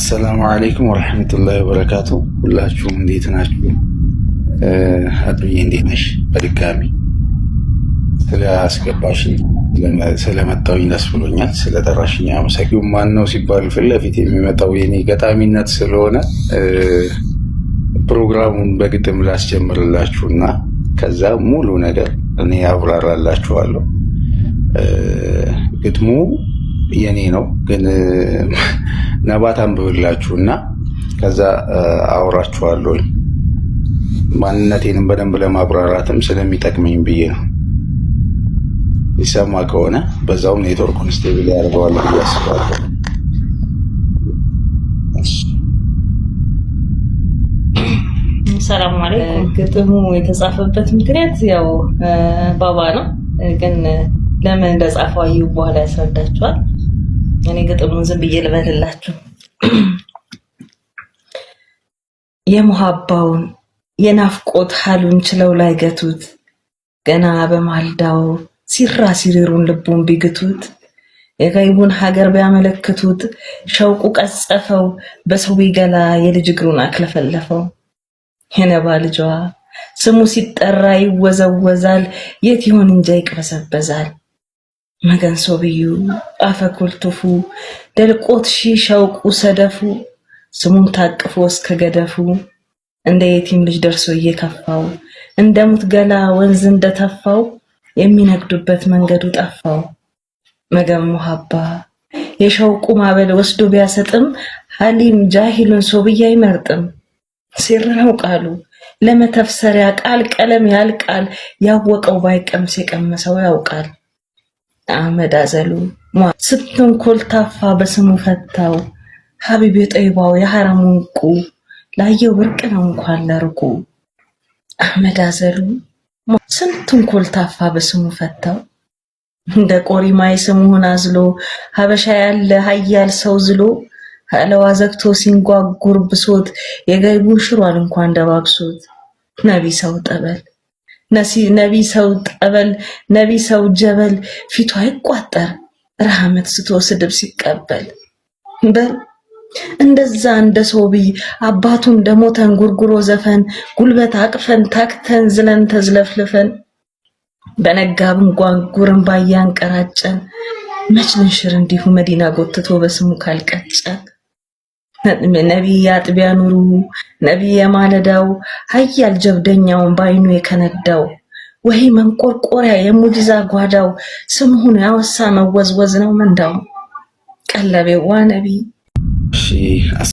አሰላሙ አለይኩም ወረሕመቱላሂ ወበረካቱ። ሁላችሁም እንዴት ናችሁ? አዱዬ እንዴት ነሽ? በድጋሚ ስለ አስገባሽኝ ደስ ብሎኛል። ስለ ጠራሽኝ ማን ነው ሲባል ፊት ለፊት የሚመጣው የኔ ገጣሚነት ስለሆነ ፕሮግራሙን በግጥም ላስጀምርላችሁና ከዛ ሙሉ ነገር እኔ አብራራላችኋለሁ። ግጥሙ የኔ ነው ግን ነባት አንብብላችሁ እና ከዛ አውራችኋለሁኝ ማንነቴንም በደንብ ለማብራራትም ስለሚጠቅመኝ ብዬ ነው። ይሰማ ከሆነ በዛውም ኔትወርክ ኮንስቴብል ያደርገዋል ብዬ አስባለሁ። ሰላም አለይኩም። ግጥሙ የተጻፈበት ምክንያት ያው ባባ ነው፣ ግን ለምን እንደጻፈው አየሁ በኋላ ያስረዳችኋል። እኔ ግጥሙን ዝም ብዬ ልበልላችሁ። የሙሃባውን የናፍቆት ሀሉን ችለው ላይ ገቱት ገና በማልዳው ሲራ ሲሪሩን ልቡን ቢግቱት የጋይቡን ሀገር ቢያመለክቱት ሸውቁ ቀጸፈው በሰው ገላ የልጅ እግሩን አክለፈለፈው። የነባ ልጇ ስሙ ሲጠራ ይወዘወዛል የት ይሆን እንጃ ይቅበሰበዛል መገንሶብዩ ጣፈ ኩልቱፉ ደልቆት ሺ ሸውቁ ሰደፉ ስሙን ታቅፎ እስከ ገደፉ እንደ የቲም ልጅ ደርሶ እየከፋው እንደ ሙት ገላ ወንዝ እንደተፋው የሚነግዱበት መንገዱ ጠፋው። መገብ ሙሀባ የሸውቁ ማበል ወስዶ ቢያሰጥም ሀሊም ጃሂሉን ሶብዬ አይመርጥም። ሲር ነው ቃሉ ለመተፍሰሪያ ቃል ቀለም ያልቃል ያወቀው ባይቀምስ የቀመሰው ያውቃል። አመድ አዘሉ ስንቱን ኮልታፋ በስሙ ፈታው ሀቢብ የጠይባው የሀረሙ እንቁ ላየው ብርቅ ነው እንኳን ለርቁ አህመድ አዘሉ ስንቱን ኮልታፋ በስሙ ፈታው እንደ ቆሪማይ ስሙን አዝሎ ሀበሻ ያለ ሀያል ሰው ዝሎ አለዋ ዘግቶ ሲንጓጉር ብሶት የገይቡን ሽሯል እንኳን ደባብሶት ነቢ ሰው ጠበል ነቢ ሰው ጠበል፣ ነቢ ሰው ጀበል ፊቱ አይቋጠር ረሃመት ስትወስድብ ሲቀበል በል እንደዛ እንደ ሰው ብይ አባቱን ደሞ ተንጉርጉሮ ዘፈን ጉልበት አቅፈን ታክተን ዝለን ተዝለፍልፈን በነጋብም ጓንጉርን ባያንቀራጨን መችንሽር እንዲሁ መዲና ጎትቶ በስሙ ካልቀጨን ነቢይ አጥቢያ ኑሩ ነቢይ የማለዳው ሀያል ጀብደኛውን ባይኑ የከነዳው ወይ መንቆርቆሪያ የሙጅዛ ጓዳው ስምሁን ያወሳ መወዝወዝ ነው መንዳው ቀለቤዋ ነቢይ